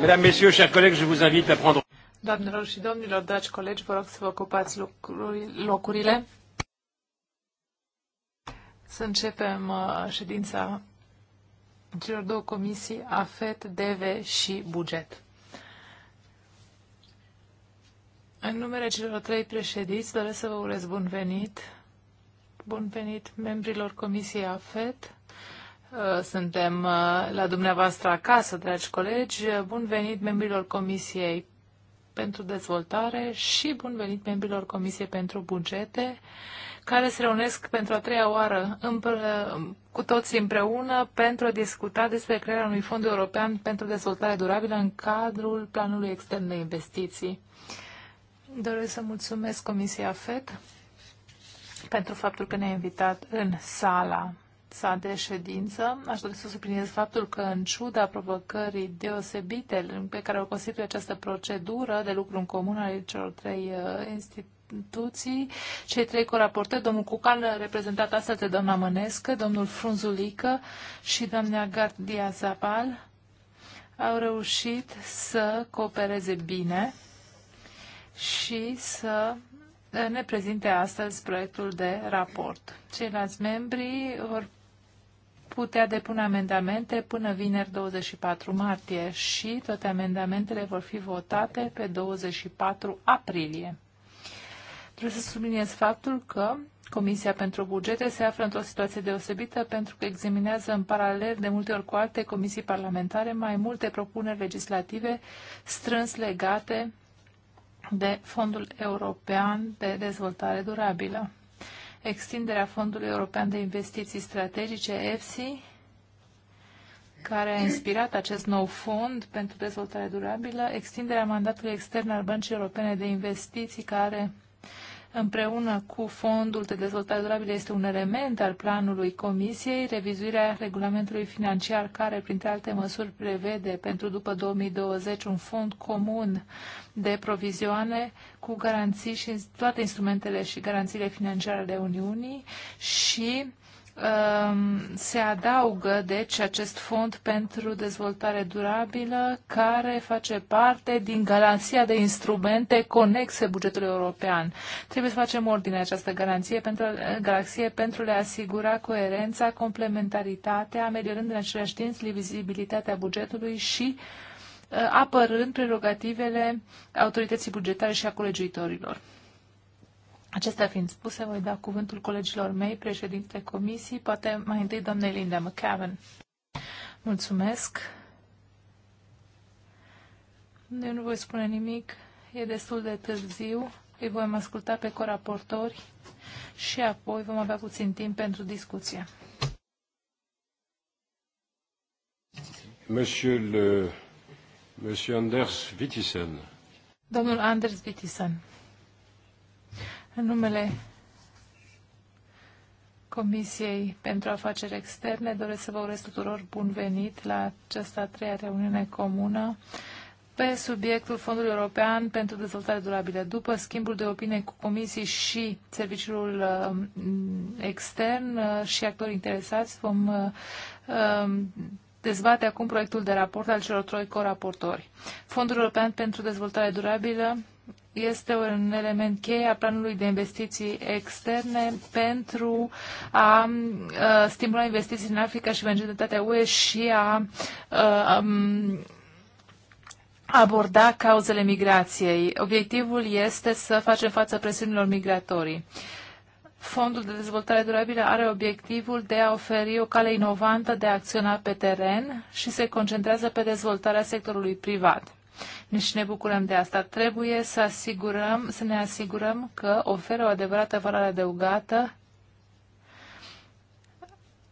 Mesdames, Messieurs, chers collègues, je vous invite à prendre... Doamnelor și domnilor, dragi colegi, vă rog să vă ocupați locurile. Să începem uh, ședința celor două comisii, AFET, DV și Buget. În numele celor trei președinți doresc să vă urez bun venit. Bun venit membrilor Comisiei AFET Uh, suntem uh, la dumneavoastră acasă, dragi colegi. Uh, bun venit membrilor Comisiei pentru Dezvoltare și bun venit membrilor Comisiei pentru Bugete, care se reunesc pentru a treia oară cu toți împreună pentru a discuta despre crearea unui fond european pentru dezvoltare durabilă în cadrul planului extern de investiții. Doresc să mulțumesc Comisia FED pentru faptul că ne-a invitat în sala sa de ședință, aș dori să subliniez faptul că, în ciuda provocării deosebite pe care o constituie această procedură de lucru în comun ale celor trei uh, instituții, cei trei coraportări, domnul Cucan, reprezentat astăzi de doamna Mănescă, domnul Frunzulică și doamna Gardia Zapal, au reușit să coopereze bine și să uh, ne prezinte astăzi proiectul de raport. Ceilalți membri vor putea depune amendamente până vineri 24 martie și toate amendamentele vor fi votate pe 24 aprilie. Trebuie să subliniez faptul că Comisia pentru bugete se află într-o situație deosebită pentru că examinează în paralel de multe ori cu alte comisii parlamentare mai multe propuneri legislative strâns legate de Fondul European de Dezvoltare Durabilă extinderea Fondului European de Investiții Strategice, EFSI, care a inspirat acest nou fond pentru dezvoltare durabilă, extinderea mandatului extern al Băncii Europene de Investiții, care împreună cu Fondul de Dezvoltare Durabilă este un element al planului Comisiei, revizuirea regulamentului financiar care, printre alte măsuri, prevede pentru după 2020 un fond comun de provizioane cu garanții și toate instrumentele și garanțiile financiare ale Uniunii și Um, se adaugă, deci, acest fond pentru dezvoltare durabilă care face parte din garanția de instrumente conexe bugetului european. Trebuie să facem ordine această garanție pentru, galaxie pentru a asigura coerența, complementaritatea, ameliorând în același timp vizibilitatea bugetului și uh, apărând prerogativele autorității bugetare și a colegiuitorilor. Acestea fiind spuse, voi da cuvântul colegilor mei, președinte comisii, poate mai întâi doamnei Linda McCavan. Mulțumesc. Eu nu voi spune nimic, e destul de târziu. Îi vom asculta pe coraportori și apoi vom avea puțin timp pentru discuție. Monsieur, le, Monsieur Anders Wittisen. Domnul Anders Wittisen. În numele Comisiei pentru Afaceri Externe doresc să vă urez tuturor bun venit la această a treia reuniune comună pe subiectul Fondului European pentru Dezvoltare Durabilă. După schimbul de opinie cu comisii și serviciul uh, extern uh, și actori interesați, vom uh, um, dezbate acum proiectul de raport al celor troi coraportori. Fondul European pentru Dezvoltare Durabilă este un element cheie a planului de investiții externe pentru a uh, stimula investiții în Africa și vecinătatea UE și a uh, um, aborda cauzele migrației. Obiectivul este să facem față presiunilor migratorii. Fondul de dezvoltare durabilă are obiectivul de a oferi o cale inovantă de a acționa pe teren și se concentrează pe dezvoltarea sectorului privat. Deci ne bucurăm de asta. Trebuie să, asigurăm, să ne asigurăm că oferă o adevărată valoare adăugată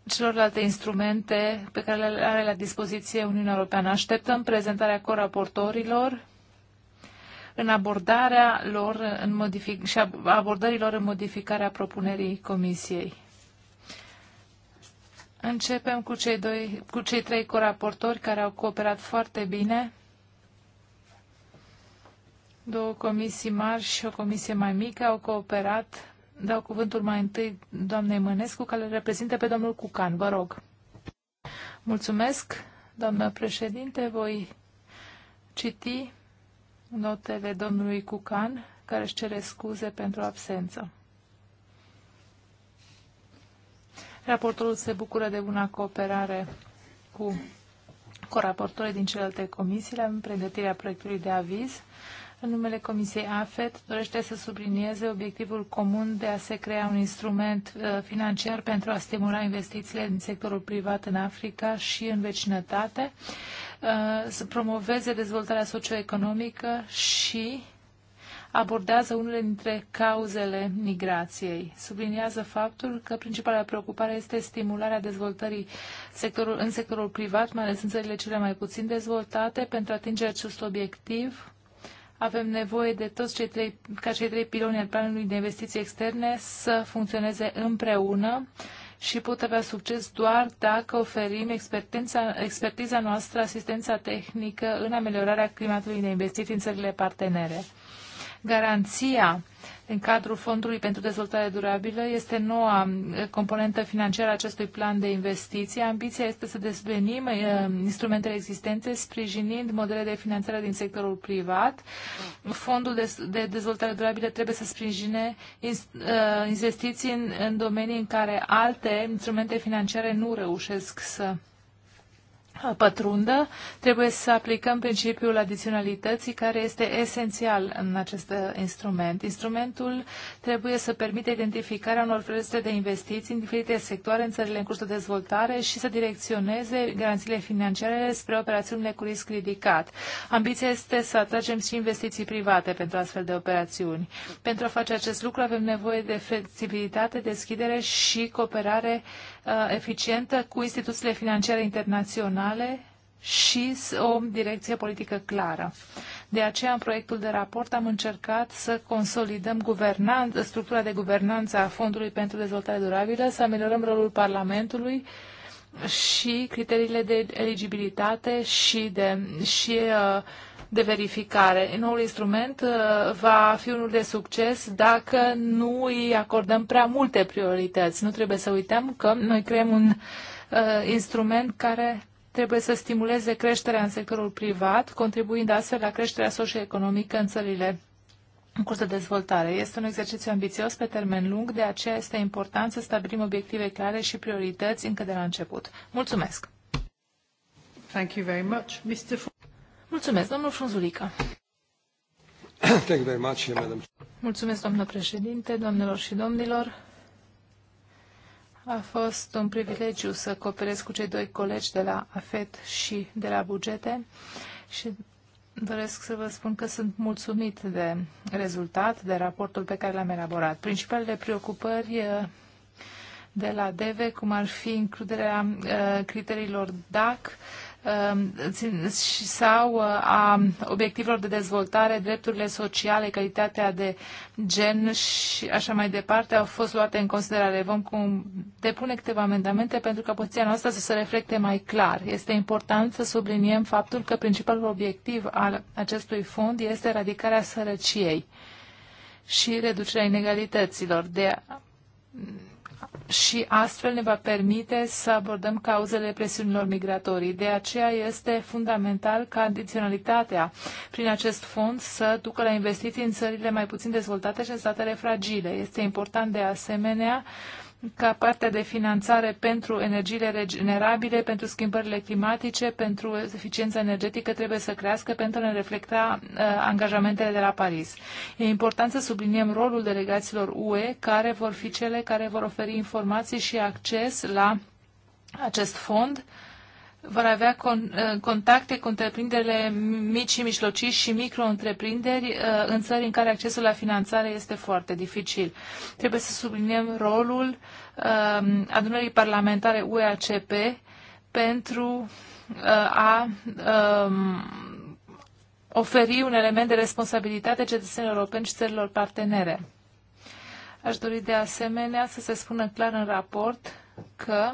celorlalte instrumente pe care le are la dispoziție Uniunea Europeană. Așteptăm prezentarea coraportorilor în abordarea lor în modific- și abordărilor în modificarea propunerii Comisiei. Începem cu cei, doi, cu cei trei coraportori care au cooperat foarte bine Două comisii mari și o comisie mai mică au cooperat. Dau cuvântul mai întâi doamnei Mănescu, care le reprezintă pe domnul Cucan. Vă rog. Mulțumesc, doamnă președinte. Voi citi notele domnului Cucan, care își cere scuze pentru absență. Raportorul se bucură de una cooperare cu coraportorii din celelalte comisii în pregătirea proiectului de aviz. În numele Comisiei AFET dorește să sublinieze obiectivul comun de a se crea un instrument uh, financiar pentru a stimula investițiile din sectorul privat în Africa și în vecinătate, uh, să promoveze dezvoltarea socioeconomică și abordează unele dintre cauzele migrației. Subliniază faptul că principala preocupare este stimularea dezvoltării sectorul, în sectorul privat, mai ales în țările cele mai puțin dezvoltate, pentru atingerea acest obiectiv avem nevoie de toți cei trei, ca cei trei piloni al planului de investiții externe să funcționeze împreună și pot avea succes doar dacă oferim expertiza noastră, asistența tehnică în ameliorarea climatului de investiții în țările partenere. Garanția în cadrul Fondului pentru Dezvoltare Durabilă este noua eh, componentă financiară a acestui plan de investiții. Ambiția este să desvenim eh, instrumentele existente sprijinind modele de finanțare din sectorul privat. Fondul de Dezvoltare Durabilă trebuie să sprijine eh, investiții în domenii în care alte instrumente financiare nu reușesc să pătrundă, trebuie să aplicăm principiul adiționalității care este esențial în acest uh, instrument. Instrumentul trebuie să permite identificarea unor proiecte de investiții în diferite sectoare în țările în curs de dezvoltare și să direcționeze garanțiile financiare spre operațiunile cu risc ridicat. Ambiția este să atragem și investiții private pentru astfel de operațiuni. Pentru a face acest lucru avem nevoie de flexibilitate, deschidere și cooperare uh, eficientă cu instituțiile financiare internaționale naționale și o direcție politică clară. De aceea, în proiectul de raport am încercat să consolidăm structura de guvernanță a Fondului pentru Dezvoltare Durabilă, să ameliorăm rolul Parlamentului și criteriile de eligibilitate și de, și, uh, de verificare. Noul instrument uh, va fi unul de succes dacă nu îi acordăm prea multe priorități. Nu trebuie să uităm că noi creăm un uh, instrument care trebuie să stimuleze creșterea în sectorul privat, contribuind astfel la creșterea socioeconomică în țările în curs de dezvoltare. Este un exercițiu ambițios pe termen lung, de aceea este important să stabilim obiective clare și priorități încă de la început. Mulțumesc! Thank you very much, Mr. Mulțumesc, domnul Frunzulică. Thank you very much, Mulțumesc, doamnă președinte, doamnelor și domnilor. A fost un privilegiu să cooperez cu cei doi colegi de la AFET și de la bugete și doresc să vă spun că sunt mulțumit de rezultat, de raportul pe care l-am elaborat. Principalele preocupări eh, de la DEVE, cum ar fi includerea eh, criteriilor DAC, Um, sau uh, a obiectivelor de dezvoltare, drepturile sociale, calitatea de gen și așa mai departe au fost luate în considerare. Vom depune câteva amendamente pentru ca poziția noastră să se reflecte mai clar. Este important să subliniem faptul că principalul obiectiv al acestui fond este eradicarea sărăciei și reducerea inegalităților. De și astfel ne va permite să abordăm cauzele presiunilor migratorii. De aceea este fundamental ca adiționalitatea prin acest fond să ducă la investiții în țările mai puțin dezvoltate și în statele fragile. Este important de asemenea uh, ca partea de finanțare pentru energiile regenerabile, pentru schimbările climatice, pentru eficiența energetică trebuie să crească pentru a ne reflecta uh, angajamentele de la Paris. E important să subliniem rolul delegaților UE, care vor fi cele care vor oferi informații și acces la acest fond vor avea con, uh, contacte cu întreprinderile mici și mijlocii și micro-întreprinderi uh, în țări în care accesul la finanțare este foarte dificil. Trebuie să subliniem rolul uh, adunării parlamentare UACP pentru a um, oferi un element de responsabilitate cetățenilor europeni și țărilor partenere. Aș dori de asemenea să se spună clar în raport că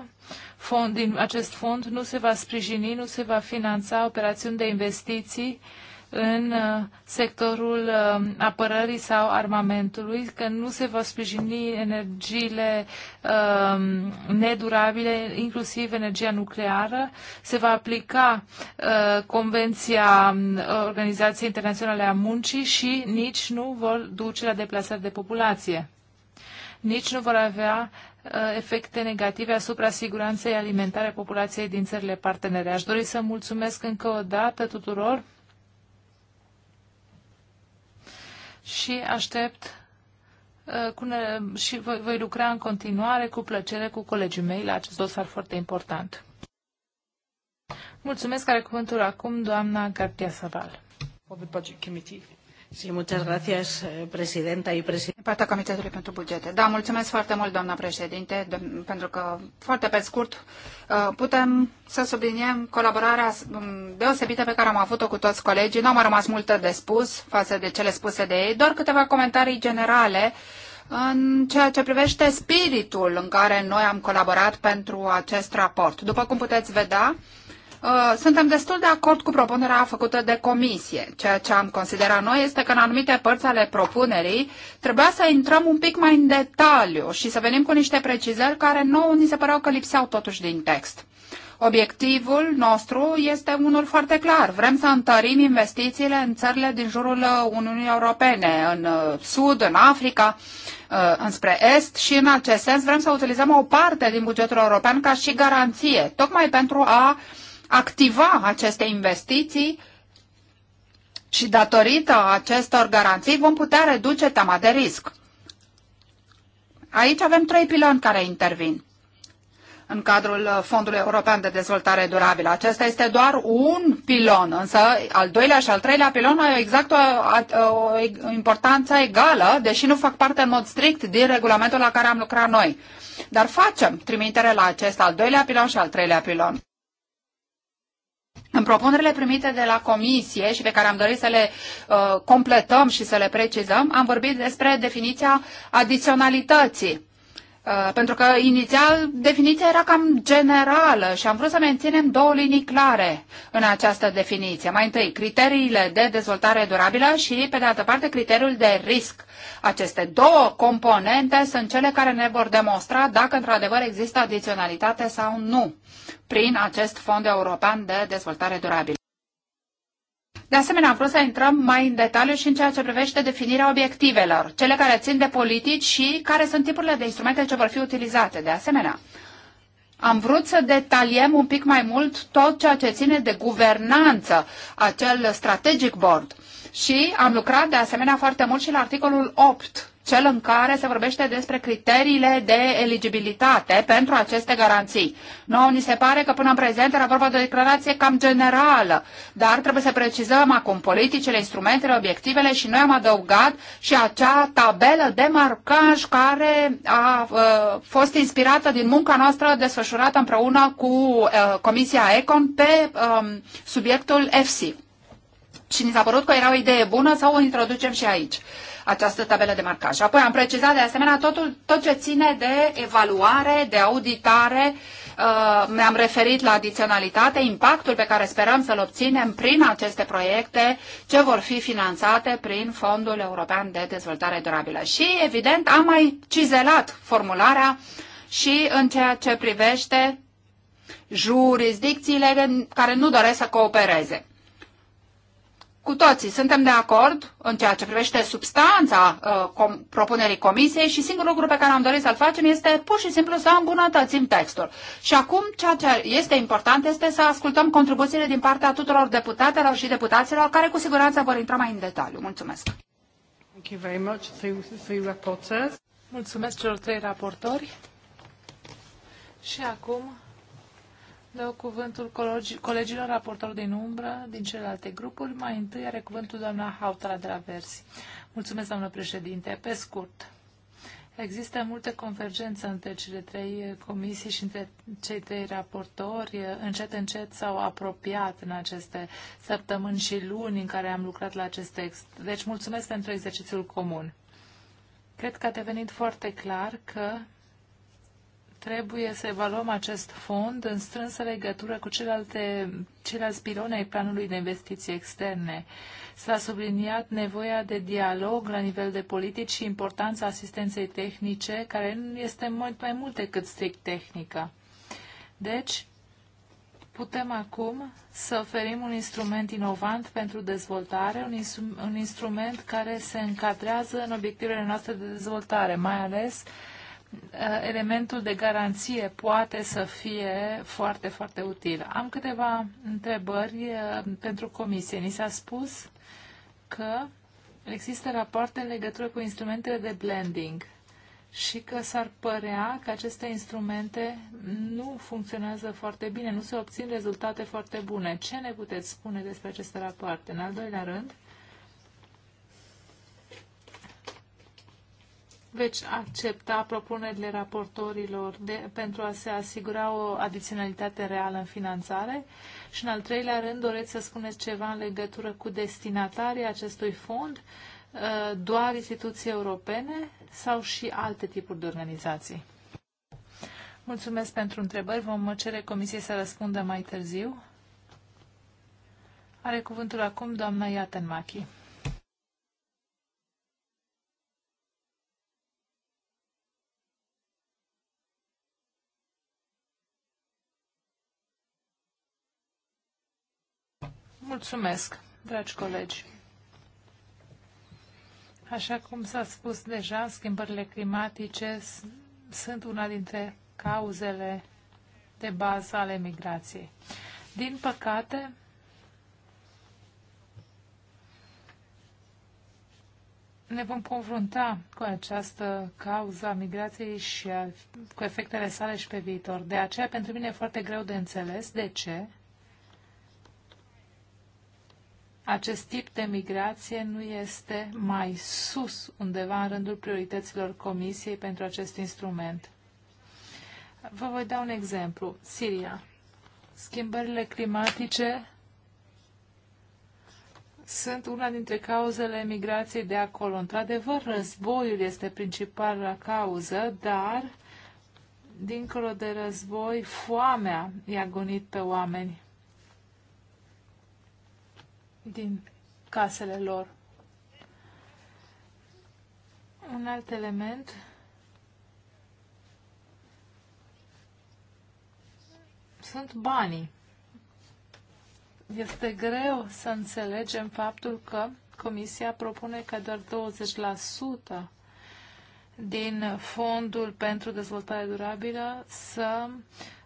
fond, din acest fond nu se va sprijini, nu se va finanța operațiuni de investiții în uh, sectorul uh, apărării sau armamentului, că nu se va sprijini energiile um, nedurabile, inclusiv energia nucleară, se va aplica uh, Convenția Organizației Internaționale a Muncii și nici nu vor duce la deplasări de populație. Nici nu vor avea Uh, efecte negative asupra siguranței alimentare populației din țările partenere. Aș dori să mulțumesc încă o dată tuturor și aștept uh, cu și voi, lucra în continuare cu plăcere cu colegii mei la acest dosar foarte important. Mulțumesc, are cuvântul acum doamna Gardia Saval. Eh, Comitetului pentru Bugete. Da, mulțumesc foarte mult, doamna președinte, pentru că, foarte pe scurt, uh, putem să subliniem colaborarea um, deosebită pe care am avut-o cu toți colegii. Nu am rămas multă de spus față de cele spuse de ei, doar câteva comentarii generale în ceea ce privește spiritul în care noi am colaborat pentru acest raport. După cum puteți vedea, Uh, suntem destul de acord cu propunerea făcută de comisie. Ceea ce am considerat noi este că în anumite părți ale propunerii trebuia să intrăm un pic mai în detaliu și să venim cu niște precizări care nouă ni se păreau că lipseau totuși din text. Obiectivul nostru este unul foarte clar. Vrem să întărim investițiile în țările din jurul uh, Uniunii Europene, în uh, Sud, în Africa, înspre Est și în acest sens vrem să utilizăm o parte din bugetul european ca și garanție, tocmai pentru a uh, activa aceste investiții și datorită acestor garanții vom putea reduce teama de risc. Aici avem trei piloni care intervin în cadrul Fondului European de Dezvoltare Durabilă. Acesta este doar un pilon, însă al doilea și al treilea pilon au exact o, o importanță egală, deși nu fac parte în mod strict din regulamentul la care am lucrat noi. Dar facem trimitere la acest al doilea pilon și al treilea pilon. În propunerile primite de la comisie și pe care am dorit să le uh, completăm și să le precizăm, am vorbit despre definiția adiționalității. Uh, pentru că inițial definiția era cam generală și am vrut să menținem două linii clare în această definiție. Mai întâi, criteriile de dezvoltare durabilă și, pe de altă parte, criteriul de risc. Aceste două componente sunt cele care ne vor demonstra dacă într-adevăr există adiționalitate sau nu prin acest Fond European de Dezvoltare Durabilă. De asemenea, am vrut să intrăm mai în detaliu și în ceea ce privește definirea obiectivelor, cele care țin de politici și care sunt tipurile de instrumente ce vor fi utilizate. De asemenea, am vrut să detaliem un pic mai mult tot ceea ce ține de guvernanță, acel strategic board. Și am lucrat de asemenea foarte mult și la articolul 8 cel în care se vorbește despre criteriile de eligibilitate pentru aceste garanții. Nouă ni se pare că până în prezent era vorba de o declarație cam generală, dar trebuie să precizăm acum politicile, instrumentele, obiectivele și noi am adăugat și acea tabelă de marcaj care a uh, fost inspirată din munca noastră desfășurată împreună cu uh, Comisia Econ pe um, subiectul EFSI. Și ni s-a părut că era o idee bună să o introducem și aici această tabelă de marcaj. Apoi am precizat de asemenea totul, tot ce ține de evaluare, de auditare, uh, mi-am referit la adiționalitate, impactul pe care sperăm să-l obținem prin aceste proiecte ce vor fi finanțate prin Fondul European de Dezvoltare Durabilă. Și, evident, am mai cizelat formularea și în ceea ce privește jurisdicțiile care nu doresc să coopereze cu toții suntem de acord în ceea ce privește substanța uh, com, propunerii comisiei și singurul lucru pe care am dorit să-l facem este pur și simplu să îmbunătățim textul. Și acum ceea ce este important este să ascultăm contribuțiile din partea tuturor deputatelor și deputaților care cu siguranță vor intra mai în detaliu. Mulțumesc! Thank you very much. Three, three reporters. Mulțumesc celor trei raportori. Și acum Dau cuvântul colegilor raportori din umbră din celelalte grupuri. Mai întâi are cuvântul doamna Hautala de la Versi. Mulțumesc, doamnă președinte. Pe scurt, Există multe convergențe între cele trei comisii și între cei trei raportori. Încet, încet s-au apropiat în aceste săptămâni și luni în care am lucrat la acest text. Deci mulțumesc pentru exercițiul comun. Cred că a devenit foarte clar că Trebuie să evaluăm acest fond în strânsă legătură cu celelalte, ceilalți pilone ai planului de investiții externe. S-a subliniat nevoia de dialog la nivel de politici și importanța asistenței tehnice, care nu este mult mai mult decât strict tehnică. Deci, putem acum să oferim un instrument inovant pentru dezvoltare, un, instru- un instrument care se încadrează în obiectivele noastre de dezvoltare, mai ales uh, Eh, elementul de garanție poate să fie foarte, foarte util. Am câteva întrebări eh, pentru comisie. Ni s-a spus că există rapoarte în legătură cu instrumentele de blending și că s-ar părea că aceste instrumente nu funcționează foarte bine, nu se obțin rezultate foarte bune. Ce ne puteți spune despre aceste rapoarte? În al doilea rând, veți accepta propunerile raportorilor de, pentru a se asigura o adiționalitate reală în finanțare? Și în al treilea rând, doreți să spuneți ceva în legătură cu destinatarii acestui fond, uh, doar instituții europene sau și alte tipuri de organizații? Mulțumesc pentru întrebări. Vom cere comisiei să răspundă mai târziu. Are cuvântul acum doamna Iatenmachi. Mulțumesc, dragi colegi. Așa cum s-a spus deja, schimbările climatice sunt una dintre cauzele de bază ale migrației. Din păcate, ne vom confrunta cu această cauză a migrației și a, cu efectele sale și pe viitor. De aceea, pentru mine e foarte greu de înțeles de ce acest tip de migrație nu este mai sus undeva în rândul priorităților Comisiei pentru acest instrument. Vă voi da un exemplu. Siria. Schimbările climatice sunt una dintre cauzele migrației de acolo. Într-adevăr, războiul este principala cauză, dar, dincolo de război, foamea i-a gonit pe oameni din casele lor. Un alt element sunt banii. Este greu să înțelegem faptul că Comisia propune că doar 20% din fondul pentru dezvoltare durabilă să uh,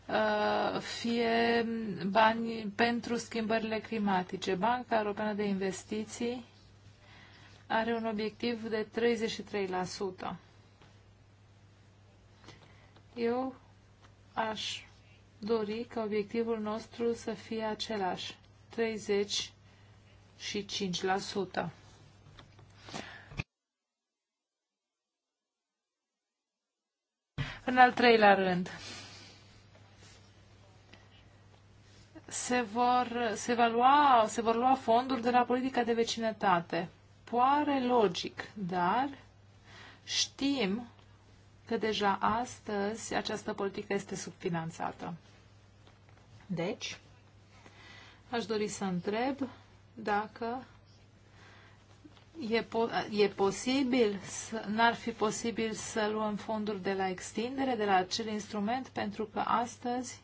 Uh, fie bani pentru schimbările climatice. Banca Europeană de Investiții are un obiectiv de 33%. Eu aș dori ca obiectivul nostru să fie același, 35%. În al treilea rând, se vor, se, va lua, se vor lua fonduri de la politica de vecinătate. Poare logic, dar știm că deja astăzi această politică este subfinanțată. Deci, aș dori să întreb dacă e, po- e posibil, n-ar fi posibil să luăm fonduri de la extindere, de la acel instrument, pentru că astăzi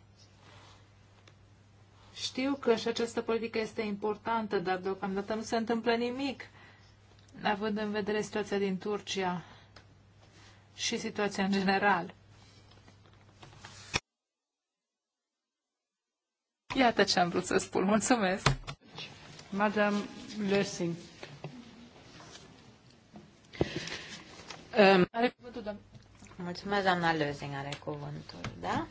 știu că și această politică este importantă, dar deocamdată nu se întâmplă nimic, având în vedere situația din Turcia și situația în general. Iată ce am vrut să spun. Mulțumesc. Madame Lösing. Um, are cuvântul, doamna. Mulțumesc, doamna Lösing, are cuvântul, da?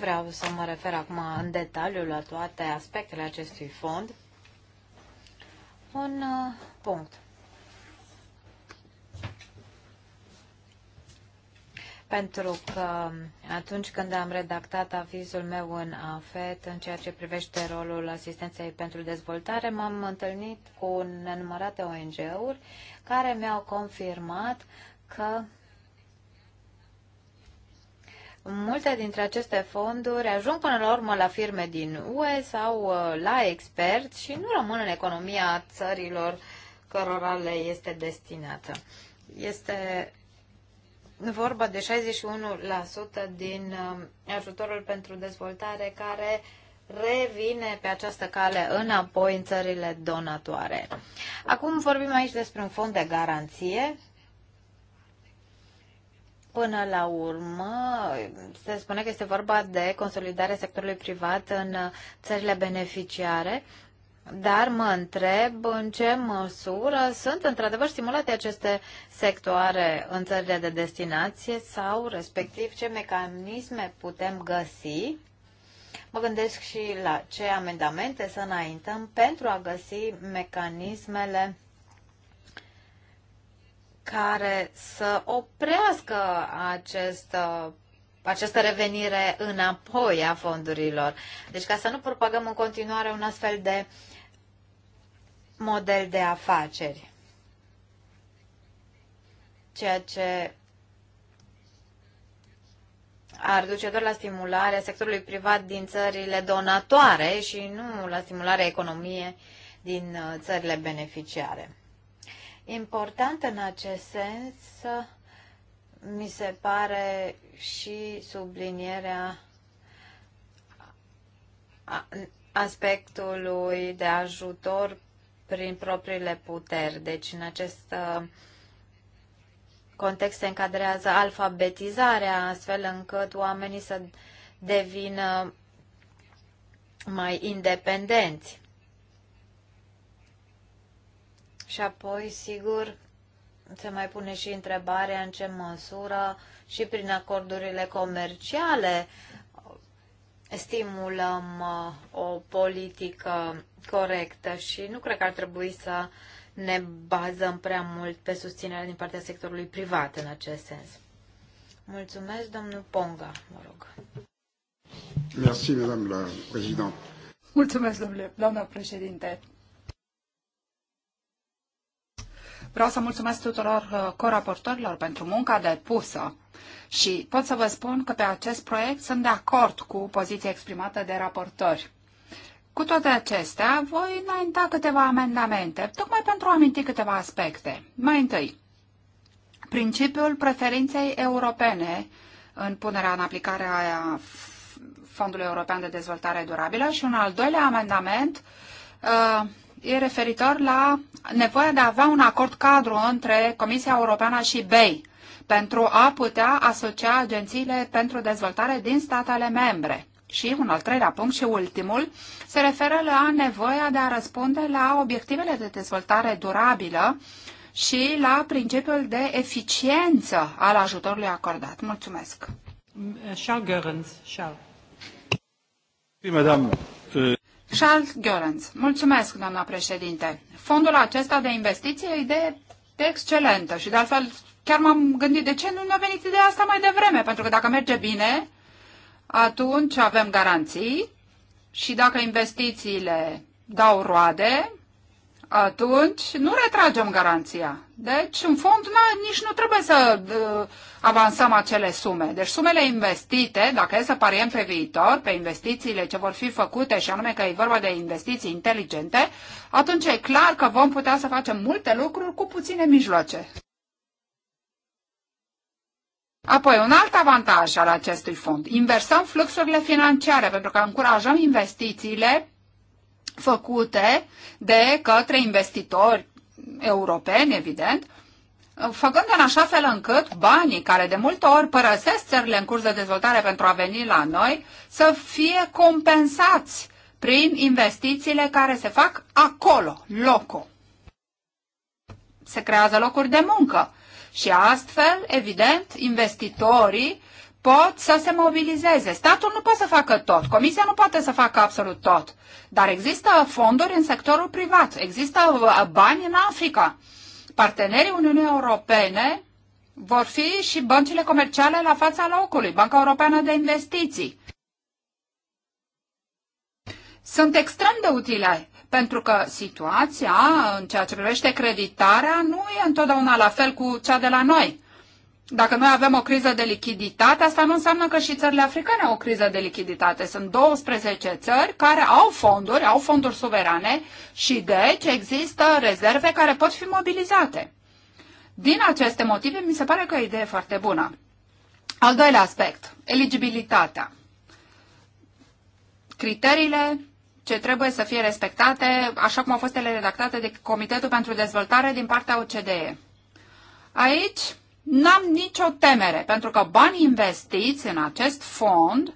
vreau să mă refer acum în detaliu la toate aspectele acestui fond. Un uh, punct. pentru că atunci când am redactat avizul meu în AFET, în ceea ce privește rolul asistenței pentru dezvoltare, m-am întâlnit cu nenumărate ONG-uri care mi-au confirmat că Multe dintre aceste fonduri ajung până la urmă la firme din UE sau uh, la experți și nu rămân în economia țărilor cărora le este destinată. Este vorba de 61% din uh, ajutorul pentru dezvoltare care revine pe această cale înapoi în țările donatoare. Acum vorbim aici despre un fond de garanție Până la urmă, se spune că este vorba de consolidarea sectorului privat în țările beneficiare, dar mă întreb în ce măsură sunt într-adevăr stimulate aceste sectoare în țările de destinație sau respectiv ce mecanisme putem găsi. Mă gândesc și la ce amendamente să înaintăm pentru a găsi mecanismele care să oprească acest, uh, această revenire înapoi a fondurilor. Deci ca să nu propagăm în continuare un astfel de model de afaceri. Ceea ce ar duce doar la stimularea sectorului privat din țările donatoare și nu la stimularea economiei din uh, țările beneficiare. Important în acest sens mi se pare și sublinierea aspectului de ajutor prin propriile puteri. Deci în acest uh, context se încadrează alfabetizarea astfel încât oamenii să devină mai independenți. Și apoi, sigur, se mai pune și întrebarea în ce măsură și prin acordurile comerciale stimulăm uh, o politică corectă și nu cred că ar trebui să ne bazăm prea mult pe susținerea din partea sectorului privat în acest sens. Mulțumesc, domnul Ponga, mă rog. președinte. Mulțumesc, domnule, doamna președinte. Vreau să mulțumesc tuturor uh, coraportorilor pentru munca depusă și pot să vă spun că pe acest proiect sunt de acord cu poziția exprimată de raportori. Cu toate acestea, voi înainta câteva amendamente, tocmai pentru a aminti câteva aspecte. Mai întâi, principiul preferinței europene în punerea în aplicare a Fondului European de Dezvoltare Durabilă și un al doilea amendament uh, e referitor la nevoia de a avea un acord cadru între Comisia Europeană și BEI pentru a putea asocia agențiile pentru dezvoltare din statele membre. Și un al treilea punct și ultimul se referă la nevoia de a răspunde la obiectivele de dezvoltare durabilă și la principiul de eficiență al ajutorului acordat. Mulțumesc! Charles Görens, Charles. Oui, madame. Charles Görens. Mulțumesc, doamna președinte. Fondul acesta de investiție e de, de excelentă și de altfel chiar m-am gândit de ce nu ne-a venit ideea asta mai devreme, pentru că dacă merge bine, atunci avem garanții și dacă investițiile dau roade, atunci nu retragem garanția. Deci, în fond, nici nu trebuie să uh, avansăm acele sume. Deci, sumele investite, dacă e să pariem pe viitor, pe investițiile ce vor fi făcute, și anume că e vorba de investiții inteligente, atunci e clar că vom putea să facem multe lucruri cu puține mijloace. Apoi, un alt avantaj al acestui fond. Inversăm fluxurile financiare, pentru că încurajăm investițiile făcute de către investitori europeni, evident, făcând în așa fel încât banii care de multe ori părăsesc țările în curs de dezvoltare pentru a veni la noi să fie compensați prin investițiile care se fac acolo, loco. Se creează locuri de muncă și astfel, evident, investitorii pot să se mobilizeze. Statul nu poate să facă tot, comisia nu poate să facă absolut tot, dar există fonduri în sectorul privat, există uh, bani în Africa. Partenerii Uniunii Europene vor fi și băncile comerciale la fața locului, Banca Europeană de Investiții. Sunt extrem de utile pentru că situația în ceea ce privește creditarea nu e întotdeauna la fel cu cea de la noi. Dacă noi avem o criză de lichiditate, asta nu înseamnă că și țările africane au o criză de lichiditate. Sunt 12 țări care au fonduri, au fonduri suverane și deci există rezerve care pot fi mobilizate. Din aceste motive, mi se pare că e o idee foarte bună. Al doilea aspect, eligibilitatea. Criteriile ce trebuie să fie respectate, așa cum au fost ele redactate de Comitetul pentru Dezvoltare din partea OCDE. Aici n-am nicio temere, pentru că banii investiți în acest fond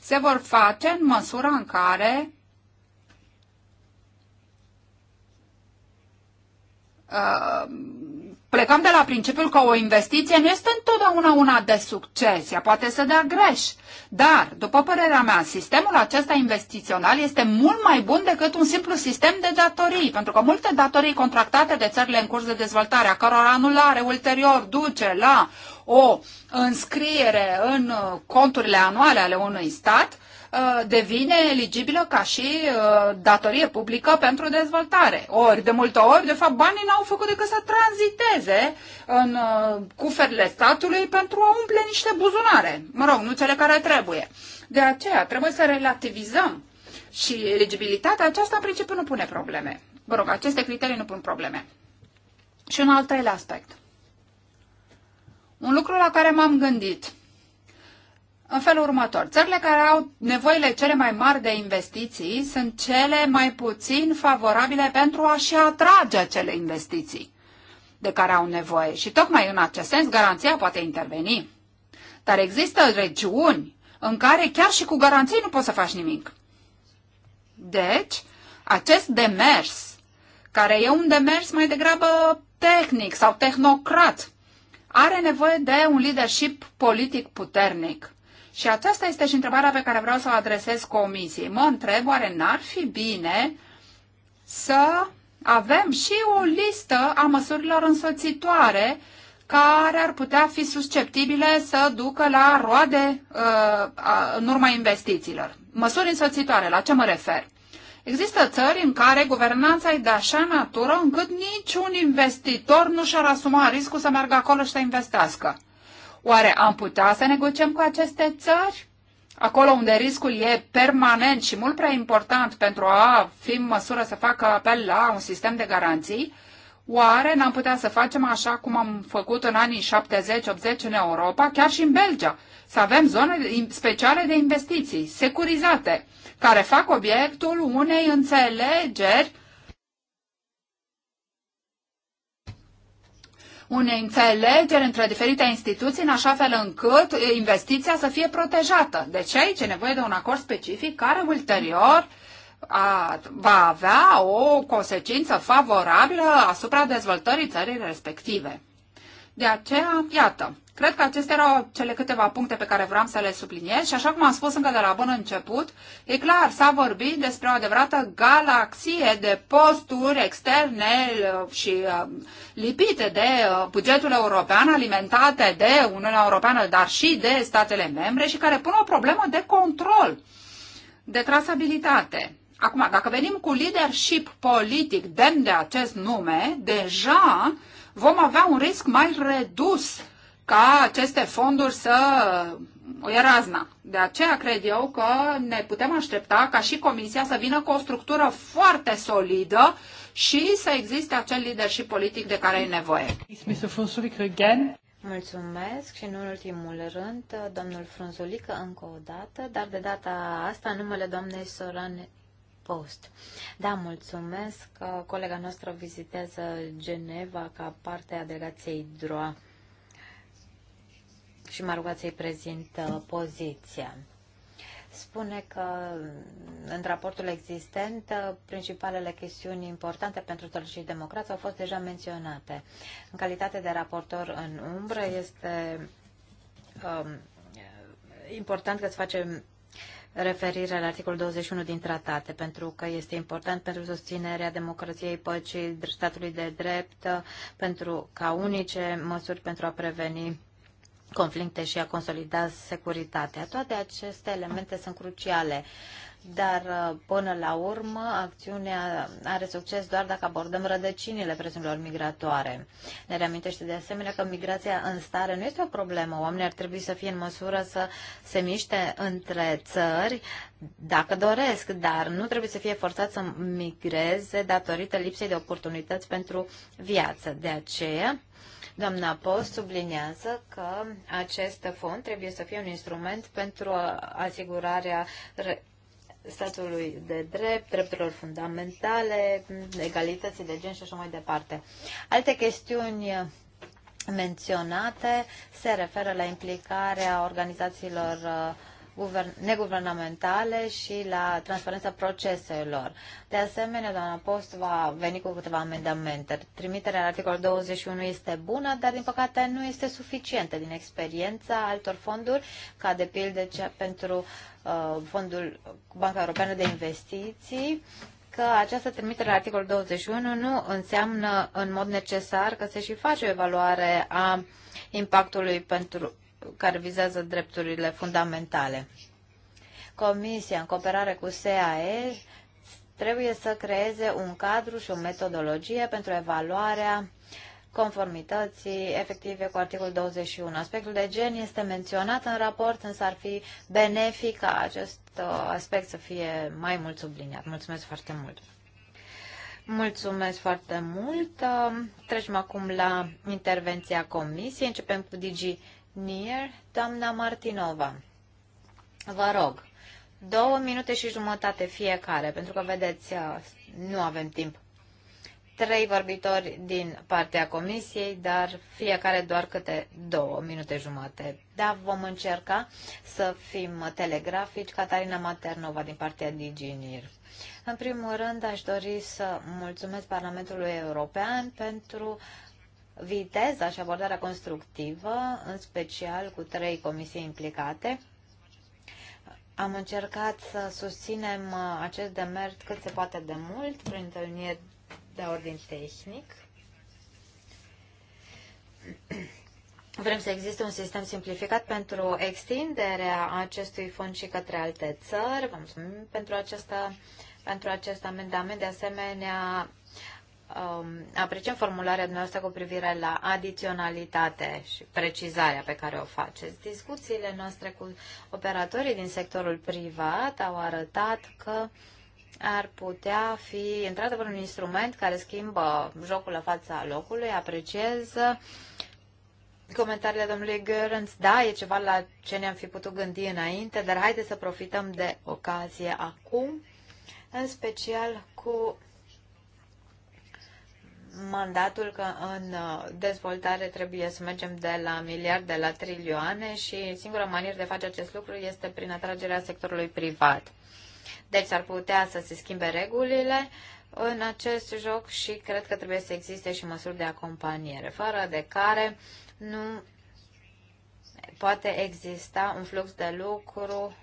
se vor face în măsura în care uh, plecăm de la principiul că o investiție nu este întotdeauna una de succes, ea poate să dea greș. Dar, după părerea mea, sistemul acesta investițional este mult mai bun decât un simplu sistem de datorii, pentru că multe datorii contractate de țările în curs de dezvoltare, a căror anulare ulterior duce la o înscriere în uh, conturile anuale ale unui stat, Uh, devine eligibilă ca și uh, datorie publică pentru dezvoltare. Ori, de multe ori, de fapt, banii n-au făcut decât să tranziteze în uh, cuferile statului pentru a umple niște buzunare, mă rog, nu cele care trebuie. De aceea, trebuie să relativizăm și eligibilitatea aceasta, în principiu, nu pune probleme. Vă rog, aceste criterii nu pun probleme. Și un al treilea aspect. Un lucru la care m-am gândit – în felul următor. Țările care au nevoile cele mai mari de investiții sunt cele mai puțin favorabile pentru a-și atrage acele investiții de care au nevoie. Și tocmai în acest sens garanția poate interveni. Dar există regiuni în care chiar și cu garanții nu poți să faci nimic. Deci, acest demers, care e un demers mai degrabă tehnic sau tehnocrat, are nevoie de un leadership politic puternic și aceasta este și întrebarea pe care vreau să o adresez comisiei. Mă întreb, oare n-ar fi bine să avem și o listă a măsurilor însoțitoare care ar putea fi susceptibile să ducă la roade uh, în urma investițiilor. Măsuri însoțitoare, la ce mă refer? Există țări în care guvernanța e de așa natură încât niciun investitor nu și-ar asuma riscul să meargă acolo și să investească. Oare am putea să negociem cu aceste țări? Acolo unde riscul e permanent și mult prea important pentru a fi în măsură să facă apel la un sistem de garanții, oare n-am putea să facem așa cum am făcut în anii 70-80 în Europa, chiar și în Belgia, să avem zone speciale de investiții, securizate, care fac obiectul unei înțelegeri unei înțelegeri între diferite instituții, în așa fel încât investiția să fie protejată. Deci aici e nevoie de un acord specific care ulterior a, va avea o consecință favorabilă asupra dezvoltării țării respective. De aceea, iată, cred că acestea erau cele câteva puncte pe care vreau să le subliniez și așa cum am spus încă de la bun început, e clar, s-a vorbit despre o adevărată galaxie de posturi externe uh, și uh, lipite de uh, bugetul european, alimentate de Uniunea Europeană, dar și de statele membre și care pun o problemă de control, de trasabilitate. Acum, dacă venim cu leadership politic demn de acest nume, deja vom avea un risc mai redus ca aceste fonduri să o ia razna. De aceea cred eu că ne putem aștepta ca și Comisia să vină cu o structură foarte solidă și să existe acel leadership politic de care e nevoie. Mulțumesc și în ultimul rând, domnul Frunzulică, încă o dată, dar de data asta numele doamnei Soran post. Da, mulțumesc. Colega noastră vizitează Geneva ca parte a delegației DROA și m-a rugat să-i prezint uh, poziția. Spune că uh, în raportul existent uh, principalele chestiuni importante pentru și democrați au fost deja menționate. În calitate de raportor în umbră este um, important că să facem referire la articolul 21 din tratate, pentru că este important pentru susținerea democrației, păcii, statului de drept, pentru ca unice măsuri pentru a preveni conflicte și a consolida securitatea. Toate aceste elemente sunt cruciale dar uh, până la urmă acțiunea are succes doar dacă abordăm rădăcinile presiunilor migratoare. Ne reamintește de asemenea că migrația în stare nu este o problemă. Oamenii ar trebui să fie în măsură să se miște între țări dacă doresc, dar nu trebuie să fie forțat să migreze datorită lipsei de oportunități pentru viață. De aceea, Doamna Post subliniază că acest fond trebuie să fie un instrument pentru asigurarea statului de drept, drepturilor fundamentale, egalității de gen și așa mai departe. Alte chestiuni menționate se referă la implicarea organizațiilor uh, neguvernamentale și la transparența proceselor. De asemenea, doamna Post va veni cu câteva amendamente. Trimiterea la articolul 21 este bună, dar din păcate nu este suficientă din experiența altor fonduri, ca de pildă cea pentru uh, fondul Banca Europeană de Investiții, că această trimitere la articolul 21 nu înseamnă în mod necesar că se și face o evaluare a impactului pentru care vizează drepturile fundamentale. Comisia, în cooperare cu SAE, trebuie să creeze un cadru și o metodologie pentru evaluarea conformității efective cu articolul 21. Aspectul de gen este menționat în raport, însă ar fi benefic ca acest uh, aspect să fie mai mult subliniat. Mulțumesc foarte mult! Mulțumesc foarte mult! Uh, trecem acum la intervenția comisiei. Începem cu Digi Nier, doamna Martinova. Vă rog, două minute și jumătate fiecare, pentru că, vedeți, uh, nu avem timp. Trei vorbitori din partea comisiei, dar fiecare doar câte două minute jumate. Da, vom încerca să fim telegrafici. Catarina Maternova din partea Diginir. În primul rând, aș dori să mulțumesc Parlamentului European pentru uh, viteza și abordarea constructivă, în special cu trei comisii implicate. Am încercat să susținem uh, acest demers cât se poate de mult prin întâlniri de ordin tehnic. Vrem să existe un sistem simplificat pentru extinderea acestui fond și către alte țări. Vă mulțumim pentru, acesta, pentru acest amendament. De asemenea, Um, apreciem formularea dumneavoastră cu privire la adiționalitate și precizarea pe care o faceți. Discuțiile noastre cu operatorii din sectorul privat au arătat că ar putea fi într-adevăr un instrument care schimbă jocul la fața locului. Apreciez comentariile domnului Görens. Da, e ceva la ce ne-am fi putut gândi înainte, dar haideți să profităm de ocazie acum, în special cu mandatul că în uh, dezvoltare trebuie să mergem de la miliarde la trilioane și singura manieră de a face acest lucru este prin atragerea sectorului privat. Deci s-ar putea să se schimbe regulile în acest joc și cred că trebuie să existe și măsuri de acompaniere, fără de care nu poate exista un flux de lucru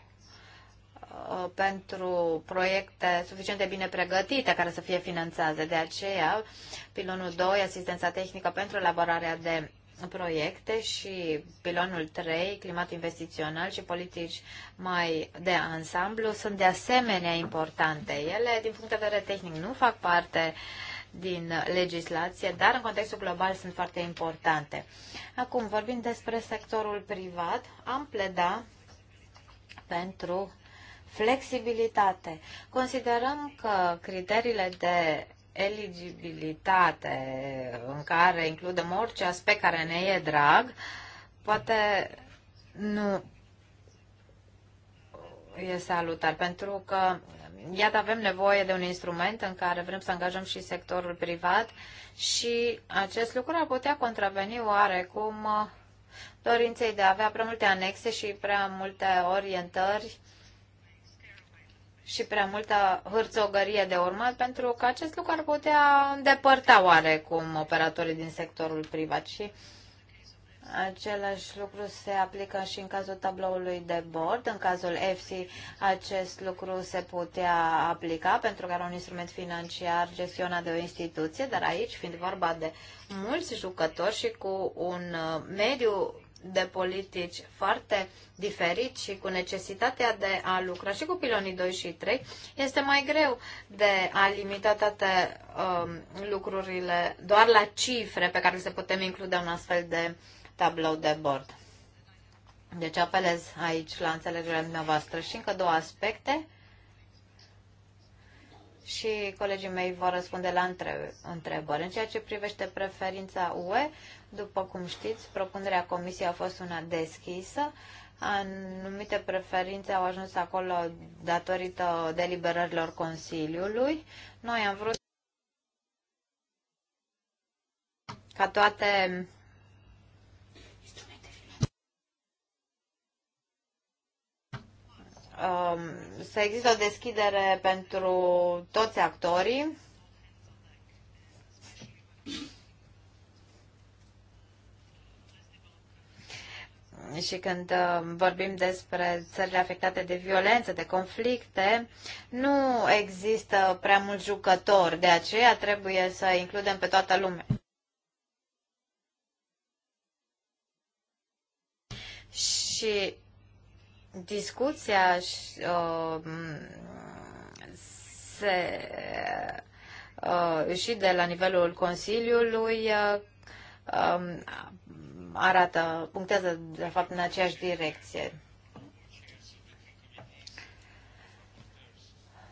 Uh, pentru proiecte suficient de bine pregătite care să fie finanțate. De aceea, pilonul 2, asistența tehnică pentru elaborarea de proiecte și pilonul 3, climat investițional și politici mai de ansamblu, sunt de asemenea importante. Ele, din punct de vedere tehnic, nu fac parte din legislație, dar în contextul global sunt foarte importante. Acum, vorbind despre sectorul privat, am pleda pentru Flexibilitate. Considerăm că criteriile de eligibilitate în care includem orice aspect care ne e drag, poate nu e salutar, pentru că iată avem nevoie de un instrument în care vrem să angajăm și sectorul privat și acest lucru ar putea contraveni oarecum dorinței de a avea prea multe anexe și prea multe orientări și prea multă hârțogărie de urmat, pentru că acest lucru ar putea îndepărta oarecum operatorii din sectorul privat și Același lucru se aplică și în cazul tabloului de bord. În cazul EFSI acest lucru se putea aplica pentru că era un instrument financiar gestionat de o instituție, dar aici, fiind vorba de mulți jucători și cu un uh, mediu de politici foarte diferit și cu necesitatea de a lucra și cu pilonii 2 și 3, este mai greu de a limita toate um, lucrurile doar la cifre pe care se putem include un astfel de tablou de bord. Deci apelez aici la înțelegerea dumneavoastră și încă două aspecte și colegii mei vor răspunde la întrebări. În ceea ce privește preferința UE, după cum știți, propunerea comisiei a fost una deschisă. Anumite preferințe au ajuns acolo datorită deliberărilor Consiliului. Noi am vrut ca toate um, să există o deschidere pentru toți actorii și când uh, vorbim despre țările afectate de violență, de conflicte, nu există prea mulți jucători, de aceea trebuie să includem pe toată lumea. Și discuția uh, se uh, și de la nivelul Consiliului uh, um, arată, punctează de fapt în aceeași direcție.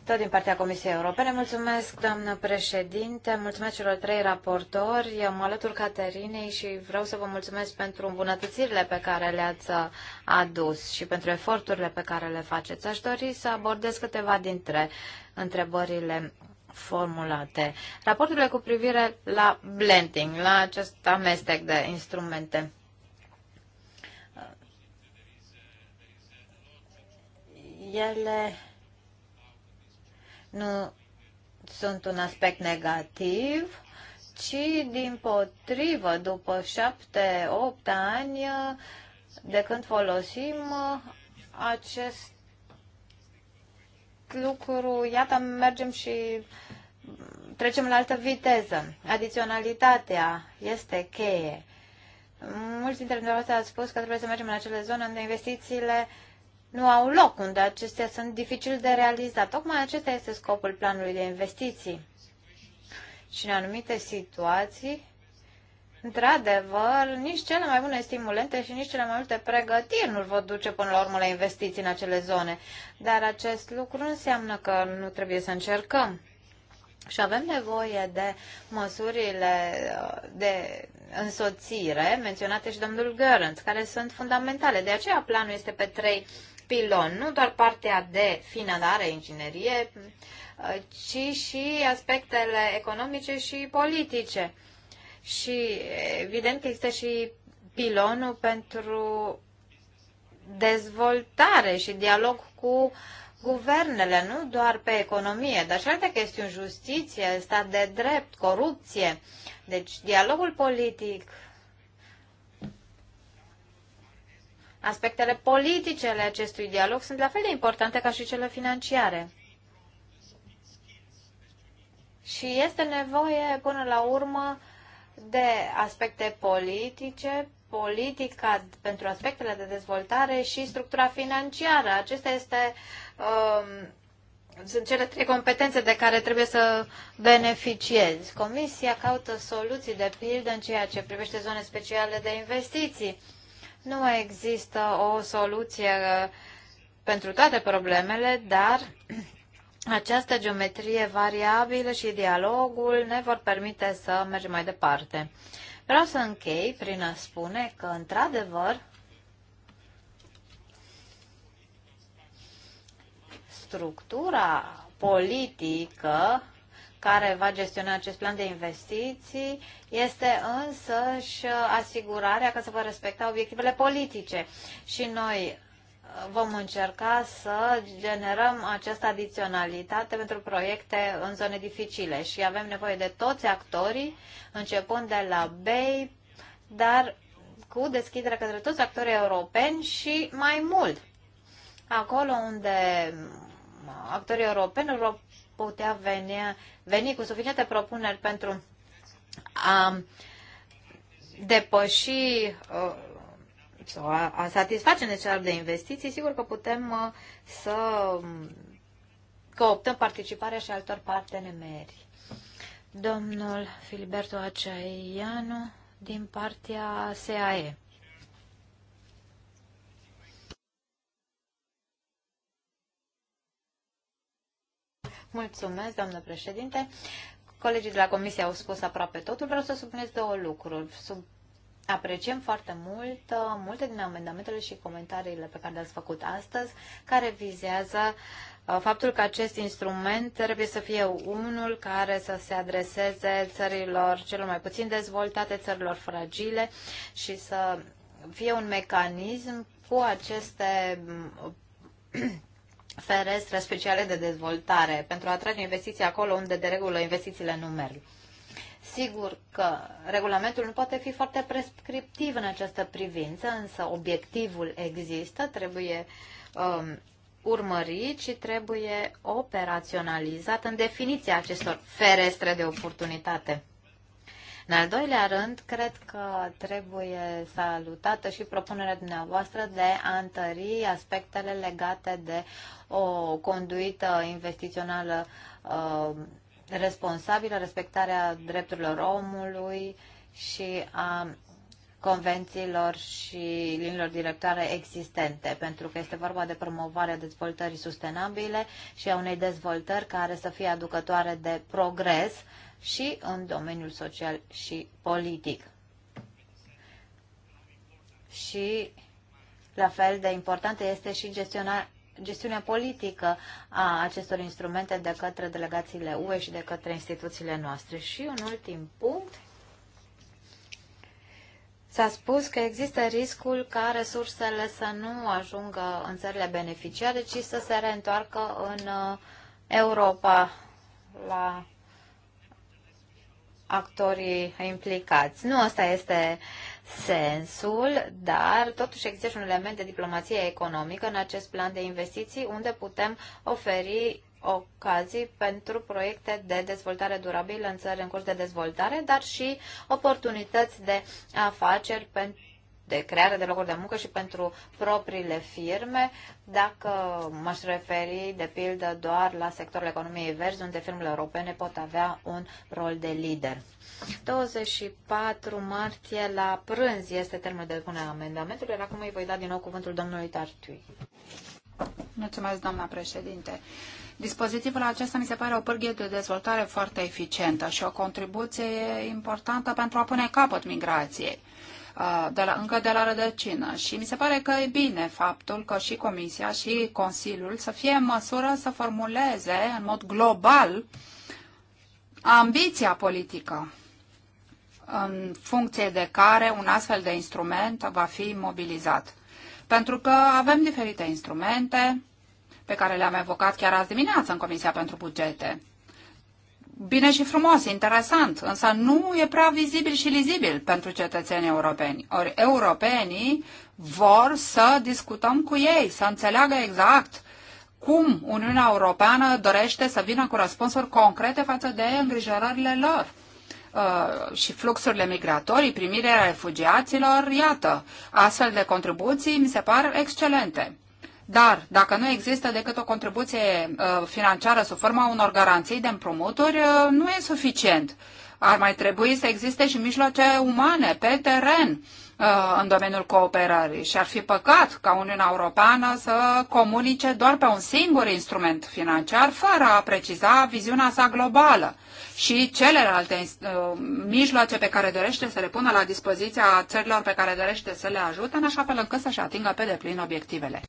Tot din partea Comisiei Europene. Mulțumesc, doamnă președinte, mulțumesc celor trei raportori. Eu mă alătur Caterinei și vreau să vă mulțumesc pentru îmbunătățirile pe care le-ați adus și pentru eforturile pe care le faceți. Aș dori să abordez câteva dintre întrebările formulate. Raporturile cu privire la blending, la acest amestec de instrumente. ele nu sunt un aspect negativ, ci din potrivă, după șapte-opt ani, de când folosim acest lucru, iată, mergem și trecem la altă viteză. Adiționalitatea este cheie. Mulți dintre dumneavoastră ați spus că trebuie să mergem în acele zone unde investițiile uh, nu au loc, unde acestea sunt dificil de realizat. Tocmai acesta este scopul planului de investiții. Și în anumite situații, într-adevăr, nici cele mai bune stimulente și nici cele mai multe pregătiri nu vor duce până la urmă la investiții în acele zone. Dar acest lucru nu înseamnă că nu trebuie să încercăm. Și avem nevoie de măsurile de însoțire menționate și domnul Görens, care sunt fundamentale. De aceea planul este pe trei pilon, nu doar partea de finanțare, inginerie, ci și aspectele economice și politice. Și evident că există și pilonul pentru dezvoltare și dialog cu guvernele, nu doar pe economie, dar și alte chestiuni, justiție, stat de drept, corupție. Deci dialogul politic Aspectele politice ale acestui dialog sunt la fel de importante ca și cele financiare. Și este nevoie, până la urmă, de aspecte politice, politica pentru aspectele de dezvoltare și structura financiară. Acestea este, um, sunt cele trei competențe de care trebuie să beneficiezi. Comisia caută soluții, de pildă, în ceea ce privește zone speciale de investiții nu mai există o soluție uh, pentru toate problemele, dar această geometrie variabilă și dialogul ne vor permite să mergem mai departe. Vreau să închei prin a spune că, într-adevăr, structura politică care va gestiona acest plan de investiții este însă și asigurarea că se vor respecta obiectivele politice. Și noi uh, vom încerca să generăm această adiționalitate pentru proiecte în zone dificile și avem nevoie de toți actorii, începând de la BEI, dar cu deschidere către toți actorii europeni și mai mult. Acolo unde actorii europeni putea veni, veni cu suficiente propuneri pentru a depăși uh, sau a, a satisface necesar de investiții, sigur că putem uh, să cooptăm participarea și altor parteneri. Domnul Filiberto Aceianu din partea SAE. Mulțumesc, doamnă președinte. Colegii de la Comisie au spus aproape totul. Vreau să subliniez două lucruri. Sub... Apreciem foarte mult uh, multe din amendamentele și comentariile pe care le-ați făcut astăzi, care vizează uh, faptul că acest instrument trebuie să fie unul care să se adreseze țărilor celor mai puțin dezvoltate, țărilor fragile și să fie un mecanism cu aceste ferestre speciale de dezvoltare pentru a atrage investiții acolo unde de regulă investițiile nu merg. Sigur că regulamentul nu poate fi foarte prescriptiv în această privință, însă obiectivul există, trebuie um, urmărit și trebuie operaționalizat în definiția acestor ferestre de oportunitate. În al doilea rând, cred că trebuie salutată și propunerea dumneavoastră de a întări aspectele legate de o conduită investițională uh, responsabilă, respectarea drepturilor omului și a convențiilor și linilor directoare existente, pentru că este vorba de promovarea dezvoltării sustenabile și a unei dezvoltări care să fie aducătoare de progres și în domeniul social și politic. Și la fel de importantă este și gestiunea politică a acestor instrumente de către delegațiile UE și de către instituțiile noastre. Și un ultim punct. S-a spus că există riscul ca resursele să nu ajungă în țările beneficiare, ci să se reîntoarcă în uh, Europa la actorii implicați. Nu asta este sensul, dar totuși există un element de diplomație economică în acest plan de investiții unde putem oferi ocazii pentru proiecte de dezvoltare durabilă în țări în curs de dezvoltare, dar și oportunități de afaceri pentru de creare de locuri de muncă și pentru propriile firme. Dacă m-aș referi, de pildă, doar la sectorul economiei verzi, unde firmele europene pot avea un rol de lider. 24 martie la prânz este termenul de punere a amendamentului, iar acum îi voi da din nou cuvântul domnului Tartui. Mulțumesc, doamna președinte. Dispozitivul acesta mi se pare o pârghie de dezvoltare foarte eficientă și o contribuție importantă pentru a pune capăt migrației de la, încă de la rădăcină. Și mi se pare că e bine faptul că și Comisia și Consiliul să fie în măsură să formuleze în mod global ambiția politică în funcție de care un astfel de instrument va fi mobilizat. Pentru că avem diferite instrumente pe care le-am evocat chiar azi dimineață în Comisia pentru Bugete bine și frumos, interesant, însă nu e prea vizibil și lizibil pentru cetățenii europeni. Ori europenii vor să discutăm cu ei, să înțeleagă exact cum Uniunea Europeană dorește să vină cu răspunsuri concrete față de îngrijorările lor uh, și fluxurile migratorii, primirea refugiaților, iată, astfel de contribuții mi se par excelente. Dar dacă nu există decât o contribuție uh, financiară sub forma unor garanții de împrumuturi, uh, nu e suficient. Ar mai trebui să existe și mijloace umane pe teren uh, în domeniul cooperării și ar fi păcat ca Uniunea Europeană să comunice doar pe un singur instrument financiar fără a preciza viziunea sa globală și celelalte mijloace pe care dorește să le pună la dispoziția țărilor pe care dorește să le ajute, în așa fel încât să-și atingă pe deplin obiectivele.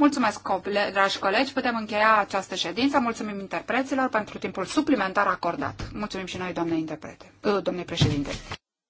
Mulțumesc, dragi colegi, putem încheia această ședință. Mulțumim interpreților pentru timpul suplimentar acordat. Mulțumim și noi, doamne interprete, uh, domnule președinte.